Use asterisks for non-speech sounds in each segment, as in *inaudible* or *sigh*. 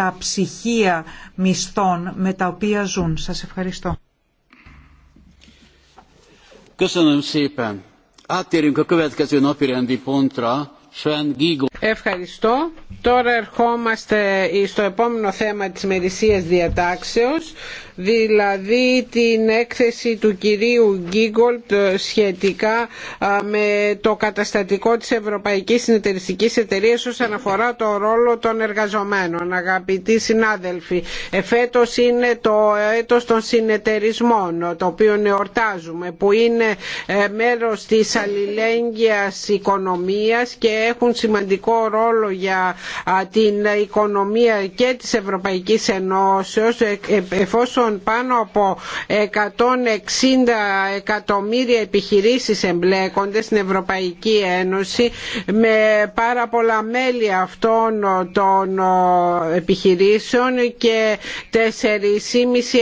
τα ψυχία μισθών με τα οποία ζουν. Σας ευχαριστώ. Köszönöm szépen. Áttérünk a következő napirendi pontra. Sven Gigo. Ευχαριστώ. Τώρα ερχόμαστε στο επόμενο θέμα της μερισίας διατάξεως, δηλαδή την έκθεση του κυρίου Γκίγκολτ σχετικά με το καταστατικό της Ευρωπαϊκής Συνεταιριστικής Εταιρείας όσον αφορά το ρόλο των εργαζομένων. Αγαπητοί συνάδελφοι, εφέτος είναι το έτος των συνεταιρισμών, το οποίο εορτάζουμε, που είναι ε, μέρος της αλληλέγγυας οικονομίας και έχουν σημαντικό σημαντικό ρόλο για την οικονομία και της Ευρωπαϊκής Ενώσεως ε, ε, εφόσον πάνω από 160 εκατομμύρια επιχειρήσεις εμπλέκονται στην Ευρωπαϊκή Ένωση με πάρα πολλά μέλη αυτών των επιχειρήσεων και 4,5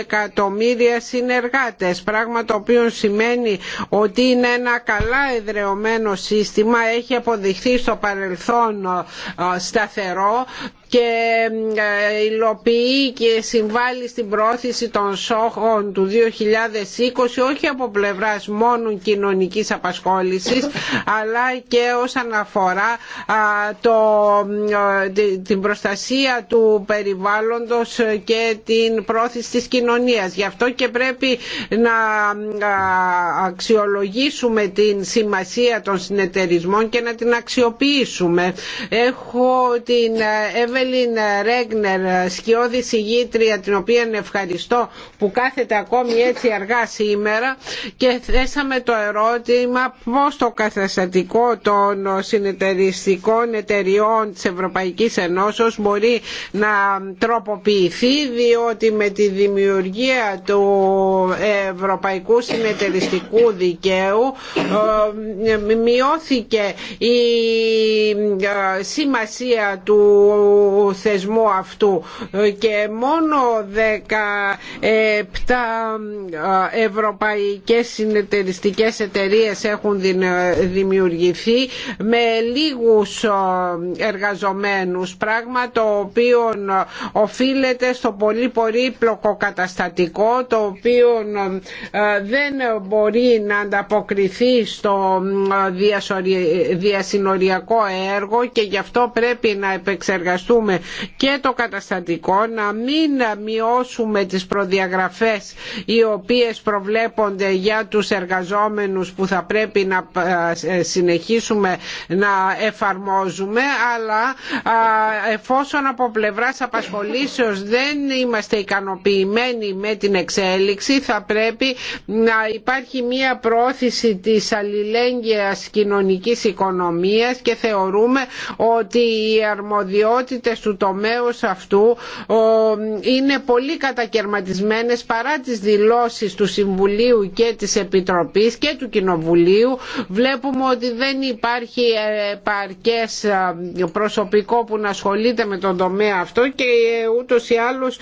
εκατομμύρια συνεργάτες πράγμα το οποίο σημαίνει ότι είναι ένα καλά εδρεωμένο σύστημα έχει αποδειχθεί στο παρελθόν σταθερό και ε, υλοποιεί και συμβάλλει στην πρόθεση των σόχων του 2020 όχι από πλευράς μόνο κοινωνικής απασχόλησης αλλά και όσον αφορά το, ε, την προστασία του περιβάλλοντος και την πρόθεση της κοινωνίας. Γι' αυτό και πρέπει να αξιολογήσουμε την σημασία των συνεταιρισμών και να την αξιοποιήσουμε. Έχω την ε, Έλλην Ρέγνερ, σκιώδη συγγήτρια την οποία ευχαριστώ που κάθεται ακόμη έτσι αργά σήμερα και θέσαμε το ερώτημα πώς το καταστατικό των συνεταιριστικών εταιριών της Ευρωπαϊκής Ενώσεως μπορεί να τροποποιηθεί διότι με τη δημιουργία του Ευρωπαϊκού Συνεταιριστικού Δικαίου ε, μειώθηκε η ε, σημασία του θεσμού αυτού και μόνο 17 ευρωπαϊκές συνεταιριστικές εταιρείες έχουν δημιουργηθεί με λίγους ε, εργαζομένους πράγμα το οποίο οφείλεται στο πολύ πολύπλοκο καταστατικό το οποίο ε, δεν μπορεί να ανταποκριθεί στο ε, διασυνοριακό έργο και γι' αυτό πρέπει να επεξεργαστούν και το καταστατικό, να μην μειώσουμε τις προδιαγραφές οι οποίες προβλέπονται για τους εργαζόμενους που θα πρέπει να ε, συνεχίσουμε να εφαρμόζουμε, αλλά εφόσον από πλευράς απασχολήσεως δεν είμαστε ικανοποιημένοι με την εξέλιξη, θα πρέπει να υπάρχει μία πρόθεση της αλληλέγγυας κοινωνικής οικονομίας και θεωρούμε ότι η αρμοδιότητα του τομέα αυτού είναι πολύ κατακαιρματισμένες παρά τις δηλώσεις του Συμβουλίου και της Επιτροπής και του Κοινοβουλίου. Βλέπουμε ότι δεν υπάρχει ε, επαρκές ε, προσωπικό που να ασχολείται με τον τομέα αυτό και ε, ούτως ή άλλως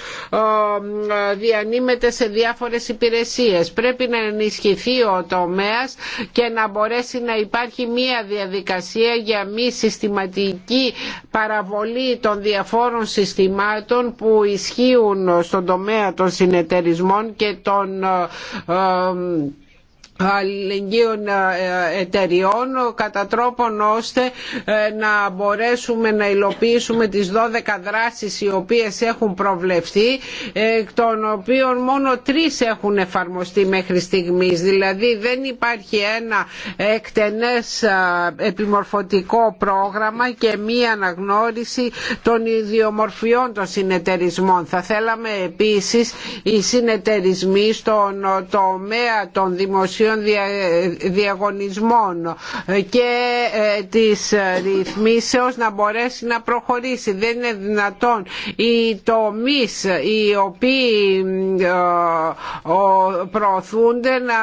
διανύμεται σε διάφορες υπηρεσίες. Πρέπει να ενισχυθεί ο τομέας και να μπορέσει να υπάρχει μία διαδικασία για μη συστηματική παραβολή των των διαφόρων συστημάτων που ισχύουν στον τομέα των συνεταιρισμών και των ε, ε, αλληλεγγύων ε, εταιριών κατά τρόπον ώστε ε, να μπορέσουμε να υλοποιήσουμε τις 12 δράσεις οι οποίες έχουν προβλεφθεί ε, των οποίων μόνο τρεις έχουν εφαρμοστεί μέχρι στιγμής δηλαδή δεν υπάρχει ένα εκτενές επιμορφωτικό πρόγραμμα και μία αναγνώριση των ιδιομορφιών των συνεταιρισμών θα θέλαμε επίσης οι συνεταιρισμοί στον τομέα των δημοσίων διαγωνισμών και ε, της ρυθμίσεως να μπορέσει να προχωρήσει. Δεν είναι δυνατόν οι τομείς οι οποίοι ε, προωθούνται να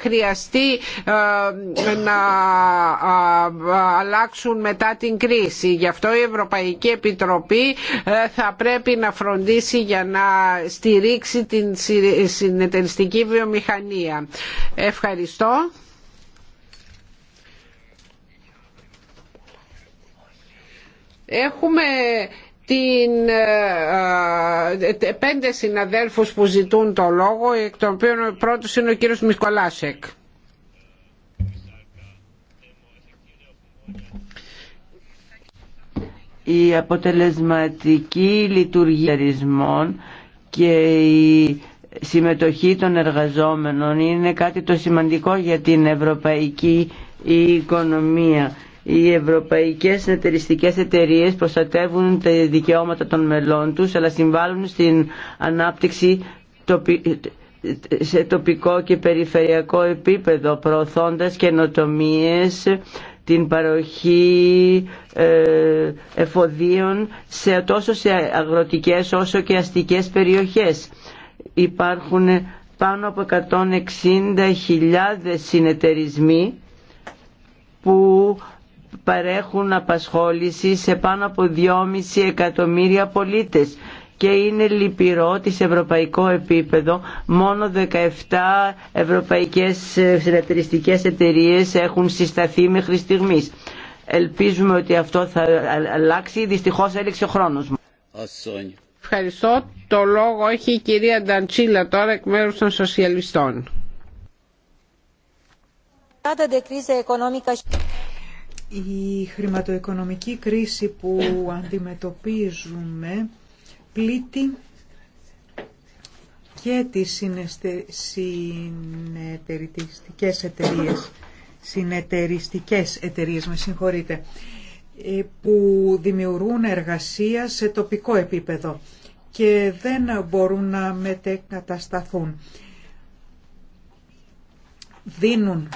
χρειαστεί ε, να αλλάξουν μετά την κρίση. Γι' αυτό η Ευρωπαϊκή Επιτροπή θα πρέπει να φροντίσει για να στηρίξει την συνεταιριστική βιομηχανία. Ευχαριστώ. Έχουμε την, ε, πέντε συναδέλφους που ζητούν το λόγο, εκ των οποίων ο πρώτος είναι ο κύριος Μικολάσεκ. Η αποτελεσματική λειτουργία και η συμμετοχή των εργαζόμενων είναι κάτι το σημαντικό για την ευρωπαϊκή οικονομία. Οι ευρωπαϊκές εταιριστικές εταιρείες προστατεύουν τα δικαιώματα των μελών τους αλλά συμβάλλουν στην ανάπτυξη σε τοπικό και περιφερειακό επίπεδο προωθώντας καινοτομίες την παροχή ε, εφοδίων σε, τόσο σε αγροτικές όσο και αστικές περιοχές υπάρχουν πάνω από 160.000 συνεταιρισμοί που παρέχουν απασχόληση σε πάνω από 2,5 εκατομμύρια πολίτες και είναι λυπηρό ότι σε ευρωπαϊκό επίπεδο μόνο 17 ευρωπαϊκές συνεταιριστικές εταιρείες έχουν συσταθεί μέχρι στιγμής. Ελπίζουμε ότι αυτό θα αλλάξει, δυστυχώς έλεξε ο χρόνος μου. Ευχαριστώ. Το λόγο έχει η κυρία Νταντσίλα τώρα εκ μέρου των Σοσιαλιστών. Η χρηματοοικονομική κρίση που αντιμετωπίζουμε πλήττει και τις συνεταιριστικές εταιρείες. Συνεταιριστικές εταιρείες, με συγχωρείτε. Ε, που δημιουργούν εργασία σε τοπικό επίπεδο και δεν μπορούν να μετεκατασταθούν. Δίνουν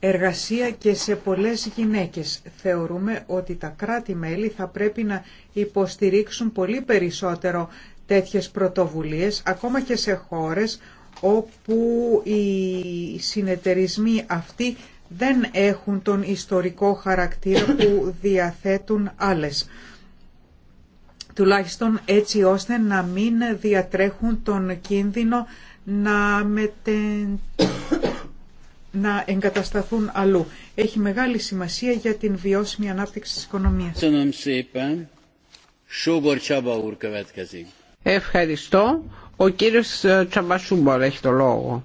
εργασία και σε πολλές γυναίκες. Θεωρούμε ότι τα κράτη-μέλη θα πρέπει να υποστηρίξουν πολύ περισσότερο τέτοιες πρωτοβουλίες, ακόμα και σε χώρες όπου οι συνεταιρισμοί αυτοί δεν έχουν τον ιστορικό χαρακτήρα που διαθέτουν άλλες. Τουλάχιστον έτσι ώστε να μην διατρέχουν τον κίνδυνο να, μετε... να εγκατασταθούν αλλού. Έχει μεγάλη σημασία για την βιώσιμη ανάπτυξη της οικονομίας. Ευχαριστώ. Ο κύριος Τσαμπασούμπορ ε, έχει το λόγο.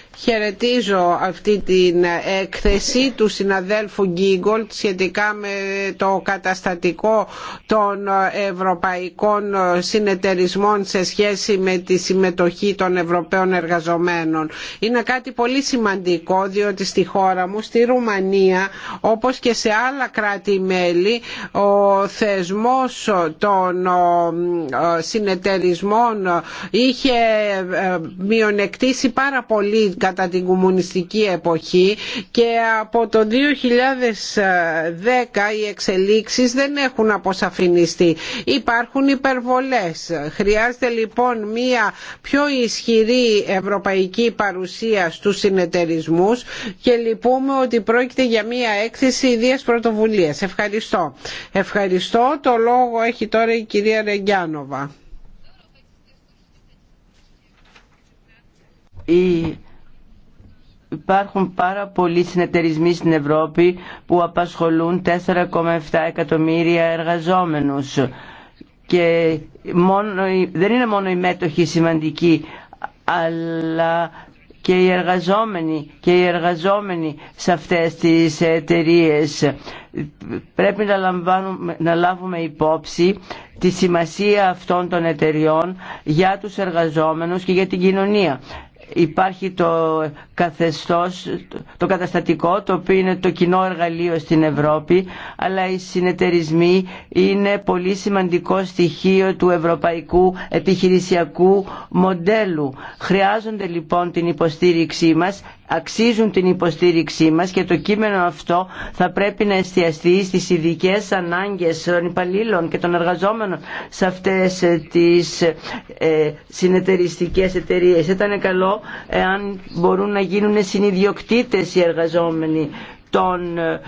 Χαιρετίζω αυτή την έκθεση του συναδέλφου Γκίγκολτ σχετικά με το καταστατικό των ευρωπαϊκών συνεταιρισμών σε σχέση με τη συμμετοχή των ευρωπαίων εργαζομένων. Είναι κάτι πολύ σημαντικό διότι στη χώρα μου, στη Ρουμανία όπως και σε άλλα κράτη-μέλη ο θεσμός των συνεταιρισμών είχε ε, μειονεκτήσει πάρα πολύ κατά την κομμουνιστική εποχή και από το 2010 οι εξελίξεις δεν έχουν αποσαφινιστεί. Υπάρχουν υπερβολές. Χρειάζεται λοιπόν μία πιο ισχυρή ευρωπαϊκή παρουσία στους συνεταιρισμούς και λυπούμε ότι πρόκειται για μία έκθεση ιδίας πρωτοβουλίας. Ευχαριστώ. Ευχαριστώ. Το λόγο έχει τώρα η κυρία Ρεγκιάνοβα. Υπάρχουν πάρα πολλοί συνεταιρισμοί στην Ευρώπη που απασχολούν 4,7 εκατομμύρια εργαζόμενους και μόνο, δεν είναι μόνο οι μέτοχοι σημαντικοί αλλά και οι εργαζόμενοι και οι εργαζόμενοι σε αυτές τις εταιρείε. Πρέπει να, να λάβουμε υπόψη τη σημασία αυτών των εταιριών για τους εργαζόμενους και για την κοινωνία υπάρχει το καθεστώς, το καταστατικό το οποίο είναι το κοινό εργαλείο στην Ευρώπη αλλά οι συνεταιρισμοί είναι πολύ σημαντικό στοιχείο του ευρωπαϊκού επιχειρησιακού μοντέλου. Χρειάζονται λοιπόν την υποστήριξή μας αξίζουν την υποστήριξή μας και το κείμενο αυτό θα πρέπει να εστιαστεί στις ειδικέ ανάγκες των υπαλλήλων και των εργαζόμενων σε αυτές ε, τις ε, συνεταιριστικές εταιρείες. Ήταν καλό εάν μπορούν να γίνουν συνειδιοκτήτες οι εργαζόμενοι των ε,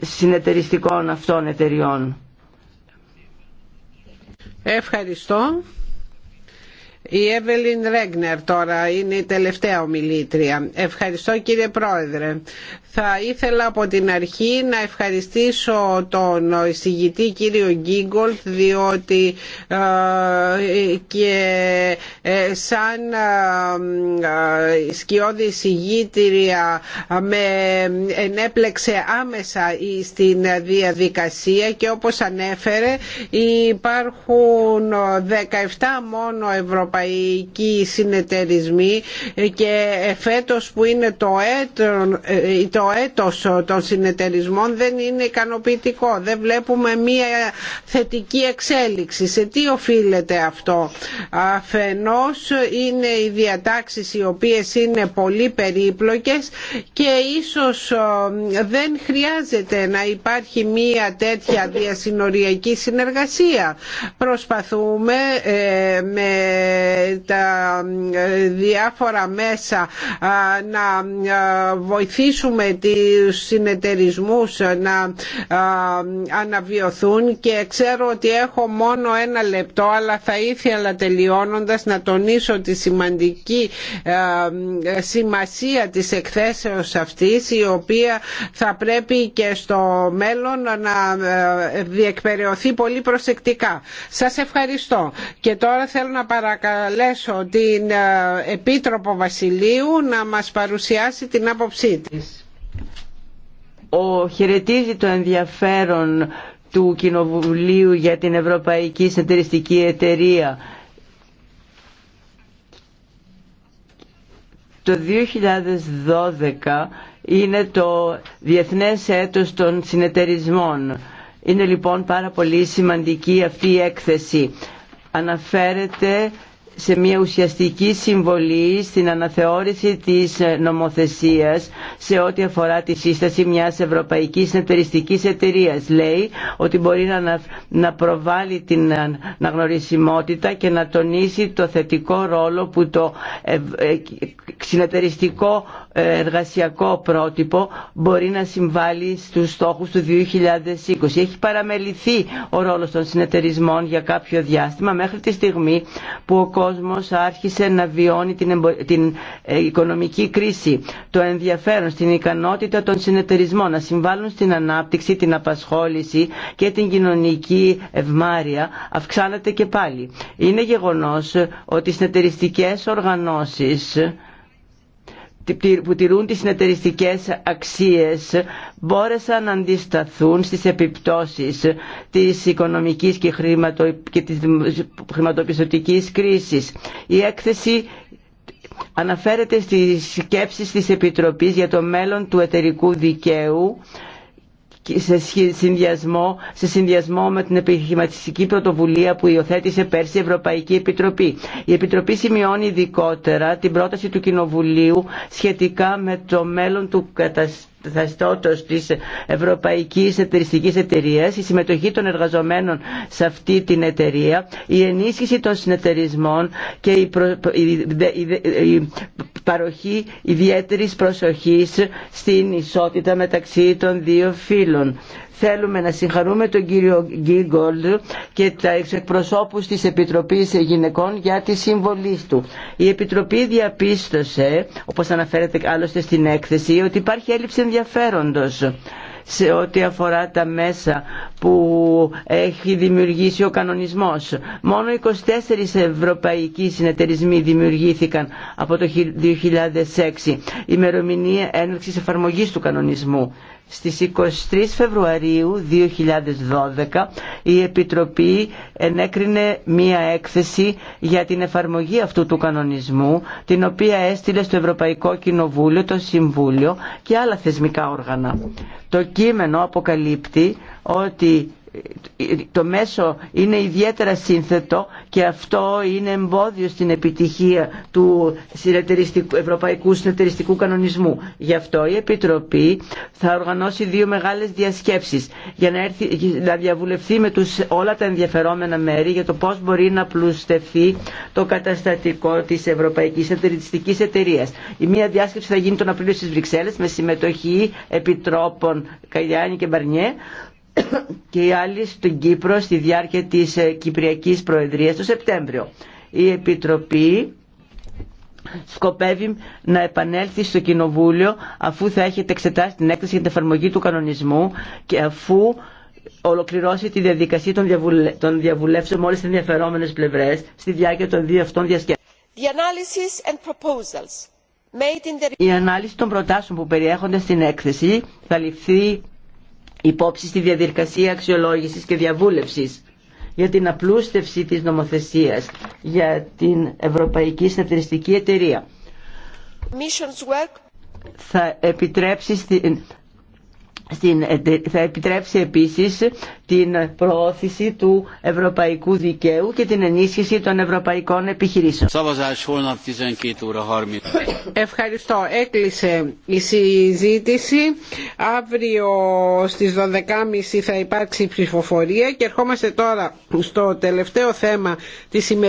συνεταιριστικών αυτών εταιριών. Ευχαριστώ. Η Εύελιν Ρέγνερ τώρα είναι η τελευταία ομιλήτρια. Ευχαριστώ κύριε Πρόεδρε. Θα ήθελα από την αρχή να ευχαριστήσω τον εισηγητή κύριο Γκίγκολτ διότι ε, και ε, σαν ε, ε σκιώδη με ενέπλεξε άμεσα στην διαδικασία και όπως ανέφερε υπάρχουν 17 μόνο ευρωπαϊκά ευρωπαϊκοί συνεταιρισμοί και φέτος που είναι το, έτρο, το έτος των συνεταιρισμών δεν είναι ικανοποιητικό. Δεν βλέπουμε μία θετική εξέλιξη. Σε τι οφείλεται αυτό. Αφενός είναι οι διατάξεις οι οποίες είναι πολύ περίπλοκες και ίσως ε, δεν χρειάζεται να υπάρχει μία τέτοια διασυνοριακή συνεργασία. Προσπαθούμε ε, με τα ε, διάφορα μέσα να βοηθήσουμε τους συνεταιρισμούς να αναβιωθούν και ξέρω ότι έχω μόνο ένα λεπτό αλλά θα ήθελα τελειώνοντας να τονίσω τη σημαντική σημασία της εκθέσεως αυτής η οποία θα πρέπει και στο μέλλον να ε, διεκπαιρεωθεί πολύ προσεκτικά. Σας ευχαριστώ και τώρα θέλω να παρακαλώ καλέσω την ε, Επίτροπο Βασιλείου να μας παρουσιάσει την άποψή της. Ο χαιρετίζει το ενδιαφέρον του Κοινοβουλίου για την Ευρωπαϊκή Συνεταιριστική Εταιρεία. Το 2012 είναι το Διεθνές Έτος των Συνεταιρισμών. Είναι λοιπόν πάρα πολύ σημαντική αυτή η έκθεση. Αναφέρεται σε μια ουσιαστική συμβολή στην αναθεώρηση της νομοθεσίας σε ό,τι αφορά τη σύσταση μιας ευρωπαϊκής συνεταιριστικής εταιρείας. Λέει ότι μπορεί να, να προβάλλει την αναγνωρισιμότητα και να τονίσει το θετικό ρόλο που το ε, συνεταιριστικό εργασιακό πρότυπο μπορεί να συμβάλλει στους στόχους του 2020. Έχει παραμεληθεί ο ρόλος των συνεταιρισμών για κάποιο διάστημα μέχρι τη στιγμή που ο κόσμος άρχισε να βιώνει την, ε, οικονομική κρίση, το ενδιαφέρον στην ικανότητα των συνεταιρισμών να συμβάλλουν στην ανάπτυξη, την απασχόληση και την κοινωνική ευμάρεια αυξάνεται και πάλι. Είναι γεγονός ότι οι συνεταιριστικές οργανώσεις που τηρούν τις συνεταιριστικές αξίες μπόρεσαν να αντισταθούν στις επιπτώσεις της οικονομικής και, χρηματο, και της χρηματοπιστωτικής κρίσης. Η έκθεση αναφέρεται στις σκέψεις της Επιτροπής για το μέλλον του εταιρικού δικαίου σε συνδυασμό, σε συνδυασμό με την επιχειρηματιστική πρωτοβουλία που υιοθέτησε πέρσι η Ευρωπαϊκή Επιτροπή. Η Επιτροπή σημειώνει ειδικότερα την πρόταση του Κοινοβουλίου σχετικά με το μέλλον του καταστήματος της Ευρωπαϊκής Εταιριστικής Εταιρείας, η συμμετοχή των εργαζομένων σε αυτή την εταιρεία, η ενίσχυση των συνεταιρισμών και η παροχή ιδιαίτερης προσοχής στην ισότητα μεταξύ των δύο φύλων. Θέλουμε να συγχαρούμε τον κύριο Γκίγκολ και τα εκπροσώπους της Επιτροπής Γυναικών για τη συμβολή του. Η Επιτροπή διαπίστωσε, όπως αναφέρεται άλλωστε στην έκθεση, ότι υπάρχει έλλειψη ενδιαφέροντος σε ό,τι αφορά τα μέσα που έχει δημιουργήσει ο κανονισμός. Μόνο 24 ευρωπαϊκοί συνεταιρισμοί δημιουργήθηκαν από το 2006, ημερομηνία έναρξης εφαρμογής του κανονισμού. Στις 23 Φεβρουαρίου 2012 η Επιτροπή ενέκρινε μία έκθεση για την εφαρμογή αυτού του κανονισμού την οποία έστειλε στο Ευρωπαϊκό Κοινοβούλιο, το Συμβούλιο και άλλα θεσμικά όργανα. Το κείμενο αποκαλύπτει ότι το μέσο είναι ιδιαίτερα σύνθετο και αυτό είναι εμπόδιο στην επιτυχία του Ευρωπαϊκού Συνεταιριστικού Κανονισμού. Γι' αυτό η Επιτροπή θα οργανώσει δύο μεγάλες διασκέψεις για να, έρθει, να διαβουλευθεί με τους, όλα τα ενδιαφερόμενα μέρη για το πώς μπορεί να πλουστευτεί το καταστατικό της Ευρωπαϊκής Συνεταιριστικής Εταιρεία. Η μία διάσκεψη θα γίνει τον Απρίλιο στις Βρυξέλλες με συμμετοχή επιτρόπων Καγιάννη και Μπαρνιέ *coughs* και οι άλλοι στην Κύπρο στη διάρκεια της ε, Κυπριακής Προεδρίας το Σεπτέμβριο. Η Επιτροπή σκοπεύει να επανέλθει στο Κοινοβούλιο αφού θα έχετε εξετάσει την έκθεση για την εφαρμογή του κανονισμού και αφού ολοκληρώσει τη διαδικασία των, διαβουλε... των διαβουλεύσεων με όλες τις ενδιαφερόμενες πλευρές στη διάρκεια των δύο αυτών διασκέψεων. Η ανάλυση των προτάσεων που περιέχονται στην έκθεση θα ληφθεί υπόψη στη διαδικασία αξιολόγησης και διαβούλευσης για την απλούστευση της νομοθεσίας για την Ευρωπαϊκή Σταθεριστική Εταιρεία θα επιτρέψει ε, θα επιτρέψει επίσης την προώθηση του ευρωπαϊκού δικαίου και την ενίσχυση των ευρωπαϊκών επιχειρήσεων. Ευχαριστώ. Έκλεισε η συζήτηση. Αύριο στις 12.30 θα υπάρξει ψηφοφορία και ερχόμαστε τώρα στο τελευταίο θέμα της σημερινής